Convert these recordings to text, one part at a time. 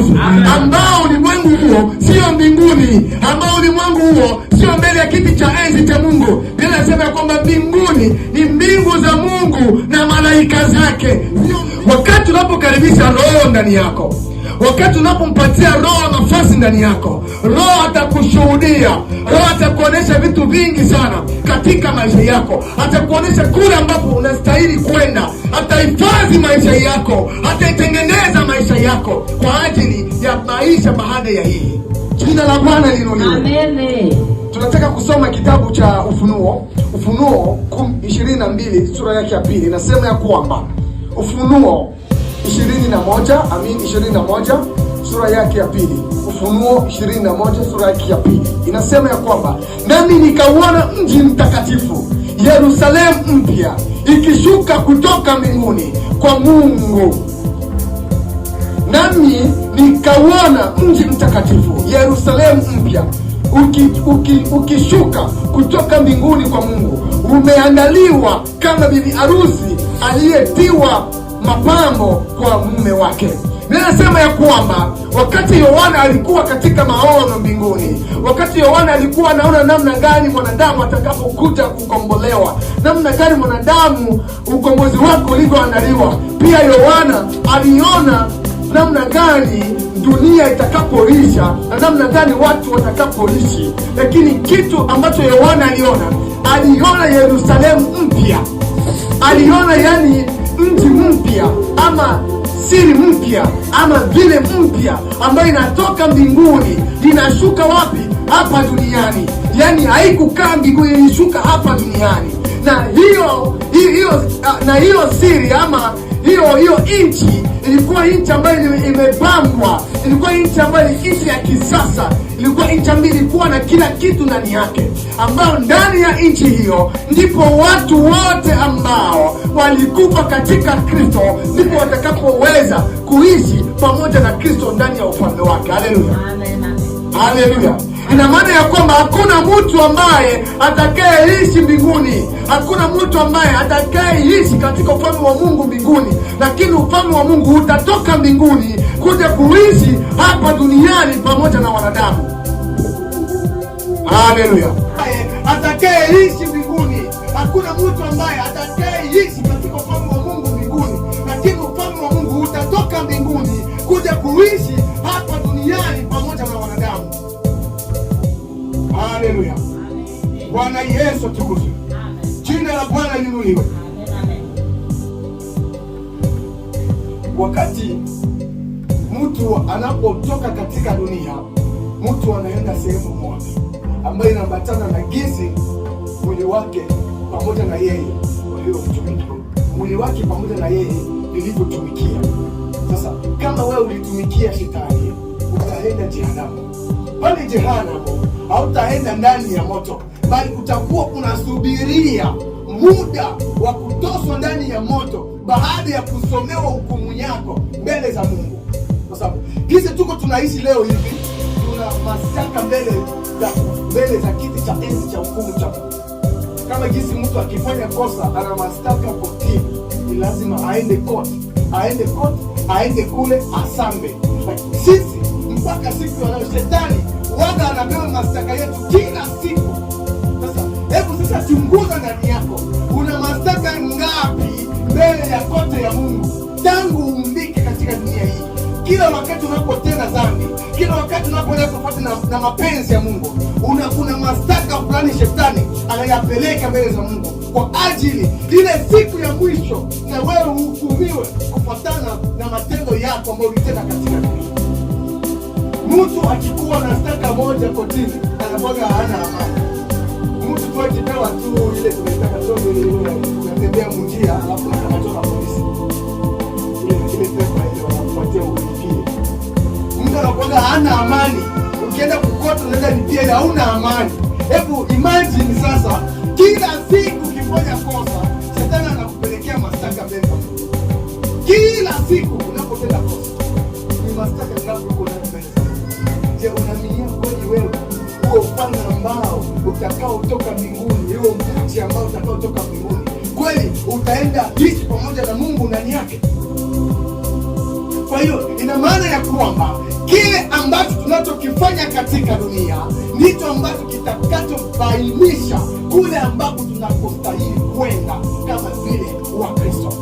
Yesu, ambao ulimwengu huo sio mbinguni, ambao ulimwengu huo sio mbele ya kiti cha enzi cha Mungu. Biblia inasema ya kwamba mbinguni ni mbingu za Mungu na malaika zake. Wakati unapokaribisha Roho ndani yako Wakati unapompatia Roho nafasi ndani yako, Roho atakushuhudia, Roho atakuonyesha vitu vingi sana katika maisha yako, atakuonyesha kule ambapo unastahili kwenda, atahifadhi maisha yako, ataitengeneza maisha yako kwa ajili ya maisha baada ya hii. Jina la Bwana linuliwe. Tunataka kusoma kitabu cha Ufunuo, Ufunuo 22 sura yake ya pili, na sehemu ya kwamba Ufunuo 21, amin 21 sura yake ya pili, Ufunuo 21 sura yake ya pili inasema ya kwamba nami nikauona mji mtakatifu Yerusalemu mpya ikishuka kutoka mbinguni kwa Mungu. Nami nikauona mji mtakatifu Yerusalemu mpya uki, uki, ukishuka kutoka mbinguni kwa Mungu, umeandaliwa kama bibi harusi aliyetiwa mapambo kwa mume wake. ninasema ya kwamba wakati Yohana alikuwa katika maono mbinguni, wakati Yohana alikuwa anaona namna gani mwanadamu atakapokuja kukombolewa, namna gani mwanadamu ukombozi wake ulivyoandaliwa, pia Yohana aliona namna gani dunia itakapolisha na namna gani watu watakapoishi. Lakini kitu ambacho Yohana aliona, aliona Yerusalemu mpya, aliona yani mpya ama siri mpya ama vile mpya ambayo inatoka mbinguni linashuka wapi? Hapa duniani. Yani haikukaa mbinguni, ilishuka hapa duniani, na hiyo hiyo ah, na hiyo siri ama hiyo hiyo nchi ilikuwa nchi ambayo imepambwa, ilikuwa nchi ambayo ni nchi ya kisasa, ilikuwa nchi ambayo ilikuwa na kila kitu ndani yake, ambayo ndani ya nchi hiyo ndipo watu wote ambao walikufa katika Kristo ndipo watakapoweza kuishi pamoja na Kristo ndani ya ufalme wake. Haleluya! Haleluya! Ina maana ya kwamba hakuna mtu ambaye atakayeishi mbinguni, hakuna mtu ambaye atakayeishi katika ufalme wa Mungu mbinguni, lakini ufalme wa Mungu utatoka mbinguni kuja kuishi hapa duniani pamoja na wanadamu. Haleluya! atakayeishi mbinguni, hakuna mtu ambaye atakayeishi katika ufalme wa Mungu mbinguni, lakini ufalme wa Mungu utatoka mbinguni kuja kuishi Bwana Yesu tukuzwe, jina la Bwana linuliwe. Wakati mtu anapotoka katika dunia, mtu anaenda sehemu moja ambayo inaambatana na gizi mwili wake pamoja na yeye waliotumikia mwili wake pamoja na yeye lilivyotumikia. Sasa kama wewe ulitumikia shetani, utaenda jehanamu, pale jehanamu hautaenda ndani ya moto, bali utakuwa unasubiria muda wa kutoswa ndani ya moto baada ya kusomewa hukumu yako mbele za Mungu. Kwa sababu hizi tuko tunaishi leo hivi, tuna mashtaka mbele za mbele za kiti cha enzi cha hukumu cha Mungu. Kama jinsi mtu akifanya kosa ana mashtaka kotini, ni lazima aende koti, aende koti, aende kule asambe. Sisi mpaka siku anayo shetani Bwana anapewa mashtaka yetu kila siku. Sasa hebu sasa chunguza ndani yako, una mashtaka ngapi mbele ya kote ya Mungu tangu umbike katika dunia hii? Kila wakati unapotenda dhambi, kila wakati unapoenda tofauti na, na mapenzi ya Mungu, una kuna mashtaka fulani shetani anayapeleka mbele za Mungu kwa ajili ile siku ya mwisho, na wewe uhukumiwe kufuatana na matendo yako ambayo ulitenda katika Mtu akikuwa na staka moja kotini anakwaga hana amani. Mtu tu akipewa tu ile tunaitaka, unatembea munjia alafu nakamatwa na polisi, ile pepa ile wanakupatia ulipie. Mtu anakwaga hana amani, ukienda kukota unaenda lipia ile hauna amani. Hebu imagine sasa, kila siku ukifanya kosa, shetani anakupelekea mashtaka pesa, kila siku mfano ambao utakaotoka mbinguni, huo mti ambao utakaotoka mbinguni, kweli utaenda hizi pamoja na Mungu ndani yake. Kwa hiyo ina maana ya kwamba kile ambacho tunachokifanya katika dunia ndicho ambacho kitakachobainisha kule ambapo tunakostahili kwenda kama vile Kristo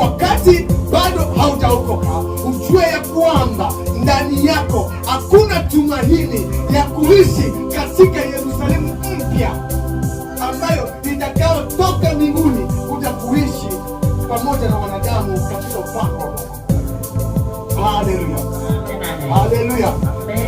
wakati bado haujaokoka, ujue ya kwamba ndani yako hakuna tumaini ya kuishi katika Yerusalemu mpya ambayo itakayotoka mbinguni kuja kuishi pamoja na wanadamu katika upako. Haleluya, haleluya!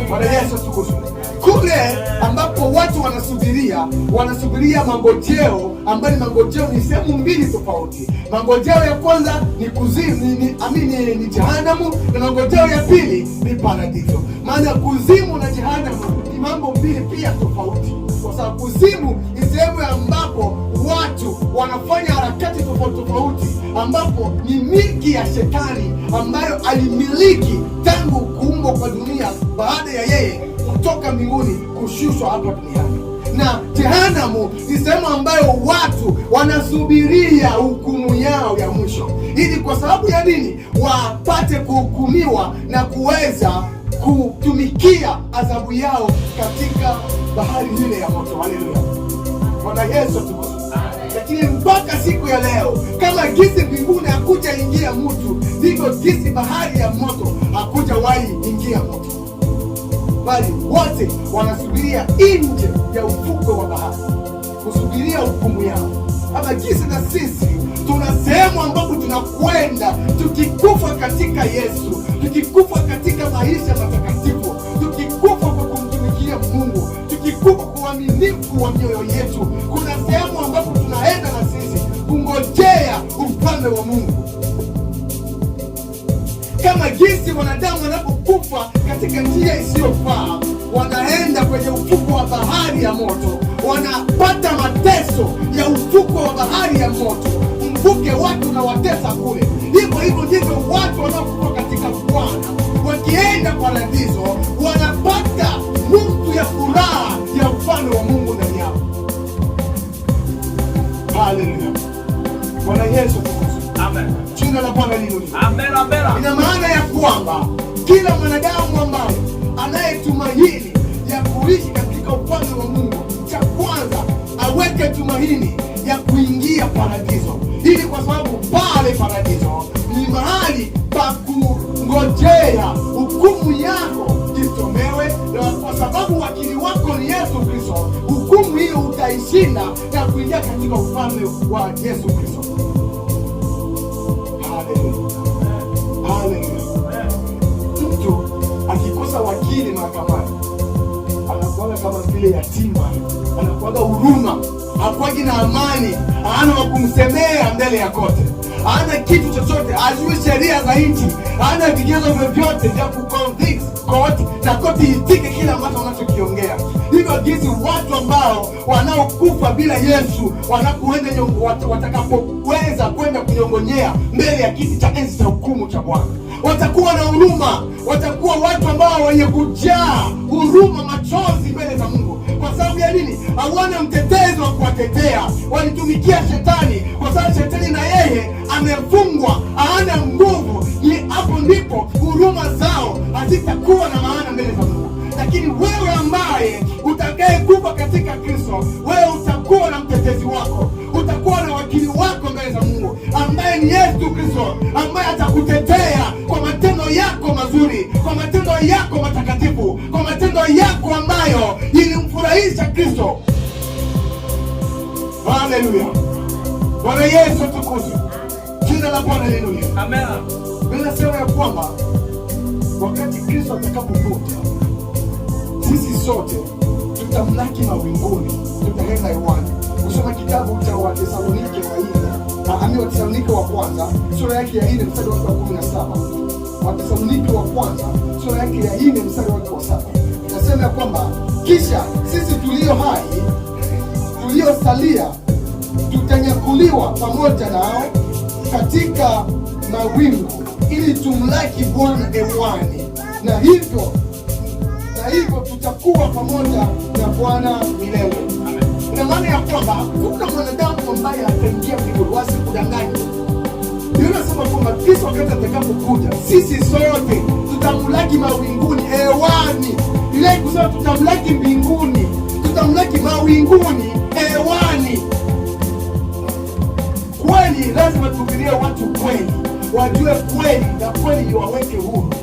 Bwana Yesu tukushukuru kule ambapo watu wanasubiria wanasubiria mangojeo ambayo ni mangojeo ni sehemu mbili tofauti. Mangojeo ya kwanza ni kuzimu, ni amini, ni jehanamu, na mangojeo ya pili ni paradiso. Maana kuzimu na jehanamu ni mambo mbili pia tofauti, kwa sababu kuzimu ni sehemu ambapo watu wanafanya harakati tofauti tofauti, ambapo ni miki ya Shetani ambayo alimiliki tangu kuumbwa kwa dunia baada ya yeye kutoka mbinguni kushushwa hapa duniani, na jehanamu ni sehemu ambayo watu wanasubiria hukumu yao ya mwisho, ili kwa sababu ya nini? Wapate kuhukumiwa na kuweza kutumikia adhabu yao katika bahari ile ya moto. Haleluya, Bwana Yesu tuko lakini mpaka siku ya leo, kama gisi mbinguni hakuja ingia mtu, ndivyo gisi bahari ya moto hakuja wai ingia moto bali wote wanasubiria nje ya ufukwe wa bahari kusubiria hukumu yao. Ama jinsi na sisi tuna sehemu ambapo tunakwenda tukikufa katika Yesu, tukikufa katika maisha matakatifu, tukikufa kwa kumtumikia Mungu, tukikufa kwa uaminifu wa mioyo yetu. Kuna sehemu ambapo tunaenda na sisi kungojea ufalme wa Mungu kama jinsi wanadamu wanapokufa katika njia isiyofaa, wanaenda kwenye ufuko wa bahari ya moto, wanapata mateso ya ufuko wa bahari ya moto. Mvuke watu na watesa kule, hivyo hivyo ndivyo watu wanaokufa katika Bwana wakienda paradiso, wanapata nuktu ya furaha ya ufalme wa Mungu ndani yao. Haleluya! jina la Bwana liinuliwe. Amen, amen. Ina maana ya kwamba kila mwanadamu ambaye anayetumaini ya kuishi katika upande wa Mungu, cha kwanza aweke tumaini ya kuingia paradiso, ili kwa sababu pale paradiso ni mahali pa kungojea hukumu yako isomewe, na kwa sababu wakili wako ni Yesu Kristo, hukumu hiyo utaishinda na kuingia katika ufalme wa Yesu Kristo. Mtu akikosa wakili mahakamani anakuaga kama vile yatima, anakuaga huruma, hakuagi na amani, hana wa kumsemea mbele ya kote hana kitu chochote, ajue sheria za nchi, hana vigezo vyovyote vya kuconvince koti na koti itike kila ambacho anachokiongea. Hivyo jinsi watu ambao wanaokufa bila Yesu wanakuenda watakapoweza kwenda kunyongonyea mbele ya kiti cha enzi cha hukumu cha Bwana, watakuwa na huruma, watakuwa watu ambao wenye kujaa huruma, machozi mbele za Mungu. Kwa sababu ya nini? Hawana mtetezi wa kuwatetea, walitumikia shetani, kwa sababu shetani na yeye amefungwa, hana nguvu Haleluya. Bwana Yesu atukuzwe. Jina la Bwana haleluya. Amen. Ninasema ya kwamba wakati Kristo atakapokuja sisi sote tutamlaki mawinguni, tutaenda hewani. Kusoma kitabu cha Wathesalonike wa nne, ami Wathesalonike wa kwanza sura yake ya nne mstari wa kumi na saba Wathesalonike wa kwanza sura yake ya nne mstari wake wa saba inasema ya kwamba kisha sisi tulio hai tuliosalia tutanyakuliwa pamoja nao katika mawingu ili tumlaki Bwana ewani, na hivyo na hivyo tutakuwa pamoja na Bwana milele. Ina maana ya kwamba kuna mwanadamu ambaye ataingia kiguruwasi kudanganya Inasema kwamba Kristo wakati atakapokuja, sisi sote tutamlaki mawinguni, ewani. Ile kusema tutamlaki mbinguni, tutamlaki mawinguni, ewani kweli lazima tuhubirie watu kweli, wajue kweli na kweli iwaweke huru.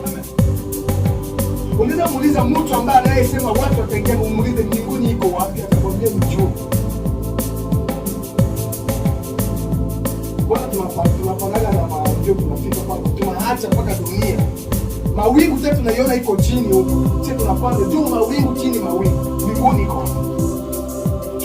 Unaweza muuliza mtu ambaye anayesema watu wataingia, umuulize mbinguni iko wapi, atakwambia ni mjuu. Tunapangana na maamjio, tunafika kwamba tunaacha mpaka dunia mawingu sasa tunaiona iko chini huko, sasa tunapanda juu mawingu, chini mawingu, mbinguni iko.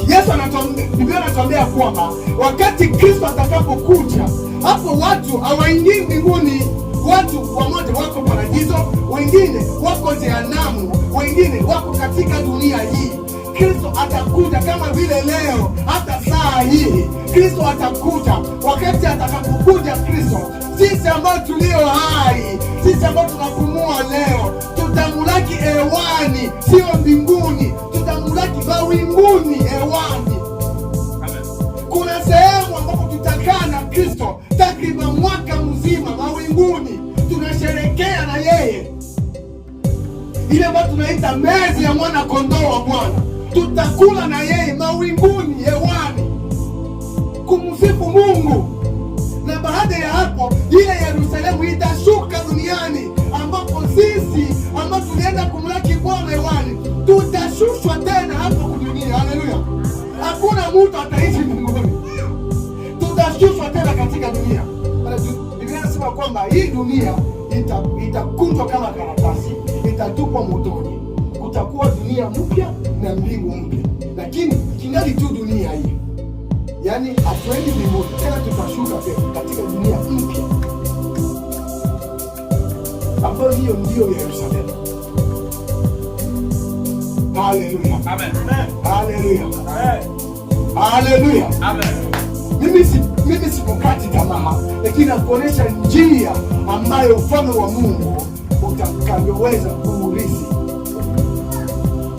Yesu anatuambia, Biblia anatuambia kwamba Wakati Kristo atakapokuja, hapo watu hawaingii mbinguni. Watu wamoja wako paradiso, wengine wako jehanamu, wengine wako katika dunia hii. Kristo atakuja kama vile leo, hata saa hii Kristo atakuja. Wakati atakapokuja Kristo, sisi ambao tulio hai, sisi ambao tunapumua leo, tutamulaki hewani, sio mbinguni, tutamulaki mawinguni, hewani Kristo takriban mwaka mzima mawinguni, tunasherekea na yeye ile ambayo tunaita mezi ya mwana kondoo wa Bwana. Tutakula na yeye mawinguni, hewani, kumsifu Mungu. Na baada ya hapo ile ya na karatasi, itatupwa motoni. Kutakuwa dunia mpya na mbingu mpya, lakini kingali tu dunia hii, yaani hatuendi mbinguni tena, tutashuka pia katika dunia mpya ambayo hiyo ndiyo Yerusalemu. Haleluya, haleluya, haleluya. Mimi sikukati tamaa, lakini nakuonesha njia ambayo ufalme wa Mungu utakavyoweza kuurithi.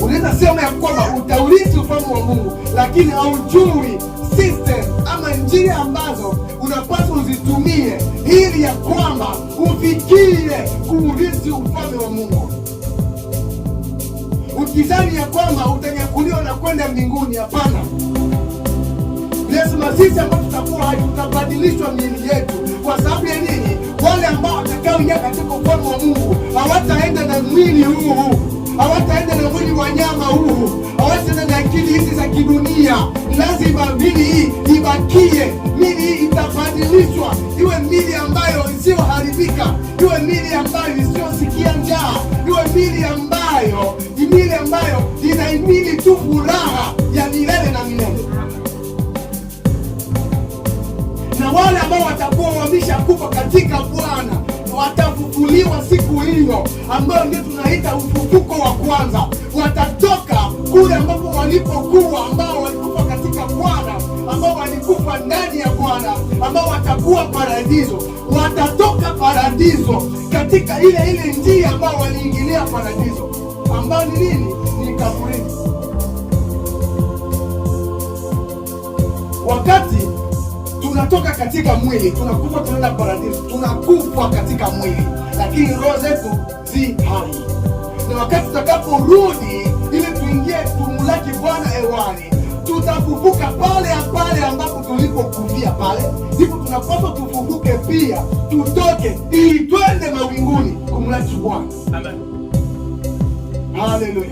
Unaweza sema ya kwamba utaurithi ufalme wa Mungu, lakini haujui system ama njia ambazo unapaswa uzitumie ili ya kwamba ufikie kuurithi ufalme wa Mungu. Ukizani ya kwamba utanyakuliwa na kwenda mbinguni, hapana. Lazima sisi ambao tutakuwa hatutabadilishwa miili yetu kwa sababu ya nini? Wale ambao watakaoingia katika ufalme wa Mungu hawataenda na mwili huu, hawataenda na mwili wa nyama huu, hawataenda na akili hizi za kidunia. Lazima mili hii ibakie, mili hii itabadilishwa iwe mili ambayo isiyoharibika, iwe mili ambayo isiyosikia njaa, iwe mili ambayo mili ambayo inaimili tu furaha watakuwa wameshakufa katika Bwana, watafufuliwa siku hiyo ambayo ndio tunaita ufufuko wa kwanza. Watatoka kule ambapo walipokuwa, ambao walikufa katika Bwana, ambao walikufa ndani ya Bwana, ambao watakuwa paradiso. Watatoka paradiso katika ile ile njia ambao waliingilia paradiso, ambayo ni nini? Ni kaburini wakati tunatoka katika mwili, tunakufa tunaenda paradiso, tunakufa katika mwili, lakini roho zetu zi hai, na wakati tutakaporudi ili tuingie tumulaki Bwana hewani, tutafufuka pale pale ambapo tulipokufia pale, ndipo tunapaswa tufufuke pia, tutoke ili twende mawinguni kumlaki Bwana. Amen, haleluya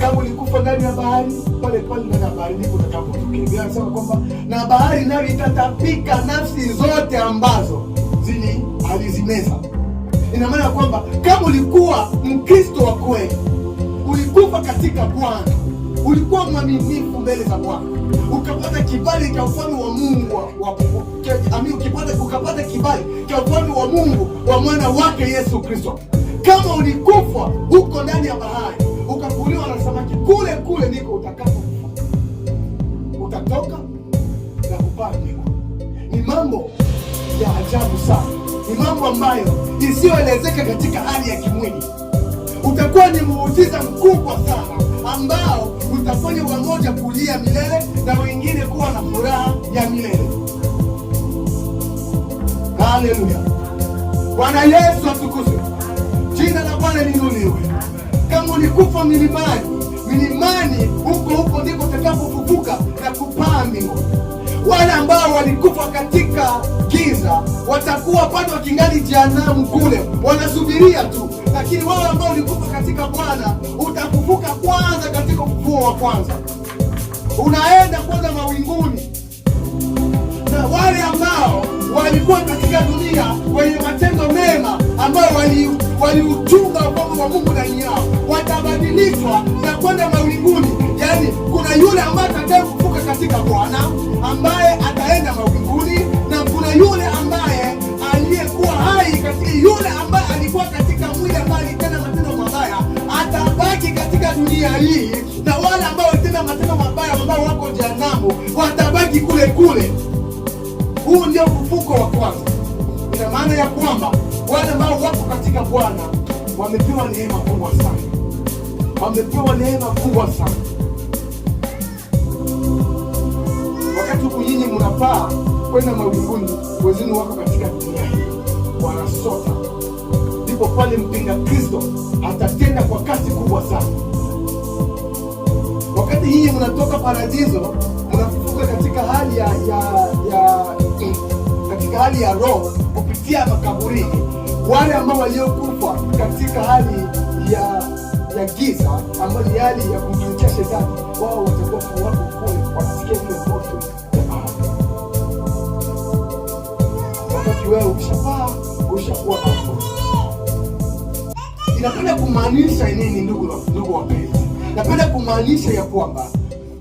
kama ulikufa ndani ya bahari pale pale ndani ya bahari ndipo utakapotokea. Anasema kwamba na bahari nayo itatapika nafsi zote ambazo zili alizimeza. Ina maana kwamba kama ulikuwa Mkristo wa kweli, ulikufa katika Bwana, ulikuwa mwaminifu mbele za Bwana, ukapata kibali cha ufalme wa Mungu wa, ami, ukipata, ukapata kibali cha ufalme wa Mungu wa mwana wake Yesu Kristo, kama ulikufa huko ndani ya bahari kuvuliwa na samaki kule kule ndiko utakata, utatoka na kupaa mlima. Ni mambo ya ajabu sana, ni mambo ambayo isiyoelezeka katika hali ya kimwili. Utakuwa ni muujiza mkubwa sana ambao utafanya wamoja kulia milele na wengine kuwa na furaha ya milele. Haleluya! Bwana Yesu atukuzwe. Jina la Bwana linuliwe ulikufa milimani, milimani huko huko ndipo utakapofufuka na kupaa mbinguni. Wale ambao walikufa katika giza watakuwa bado wakingali jehanamu kule, wanasubiria tu, lakini wale ambao walikufa katika Bwana utafufuka kwanza, katika ufufuo wa kwanza unaenda kwanza mawinguni na wale ambao walikuwa katika dunia wenye matendo mema ambao waliuchunga wali ukomo wa Mungu ndani yao watabadilishwa na kwenda mawinguni. Yani kuna yule ambaye kufuka katika Bwana ambaye ataenda mawinguni, na kuna yule ambaye aliyekuwa hai katika yule ambaye alikuwa katika mwili ambaye alitenda matendo mabaya atabaki katika dunia hii, na wale ambao walitenda matendo mabaya ambao wako jehanamu watabaki kule kule. Huu ndio ufufuko wa kwanza. Ina maana ya kwamba wale ambao wako katika Bwana wamepewa neema kubwa sana, wamepewa neema kubwa sana. Wakati huku nyinyi mnapaa kwenda mawinguni, wezini wako katika dunia wanasota, ndipo pale mpinga Kristo atatenda kwa kasi kubwa sana. Wakati nyinyi mnatoka paradiso, mnafufuka katika hali ya, ya, ya katika hali ya roho kupitia makaburini. Wale ambao waliokufa katika hali ya ya giza ambayo ni hali ya kumtumikia shetani, wao watakuwa wako kule, wakisikia ile moto ya ahadi. wewe ushapaa ushakuwa hapo, inapenda kumaanisha nini, ndugu ndugu wapenzi? Napenda kumaanisha ya kwamba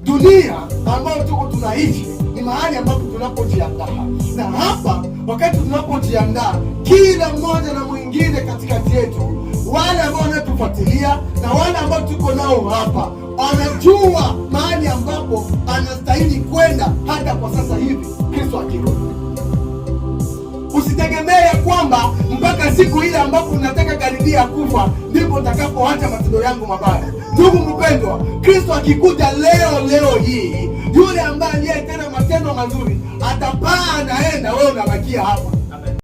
dunia ambayo tuko tunaishi mahali ambapo tunapojiandaa, na hapa wakati tunapojiandaa, kila mmoja na mwingine katikati yetu, wale ambao wanatufuatilia na wale ambao tuko nao hapa, anajua mahali ambapo anastahili kwenda. Hata kwa sasa hivi Kristo akirudi, usitegemee ya kwamba mpaka siku ile ambapo unataka karibia kufa ndipo utakapoacha matendo yangu mabaya. Ndugu mpendwa, Kristo akikuja leo leo hii yule ambaye aliyetenda matendo mazuri atapaa, anaenda, wewe unabakia hapa.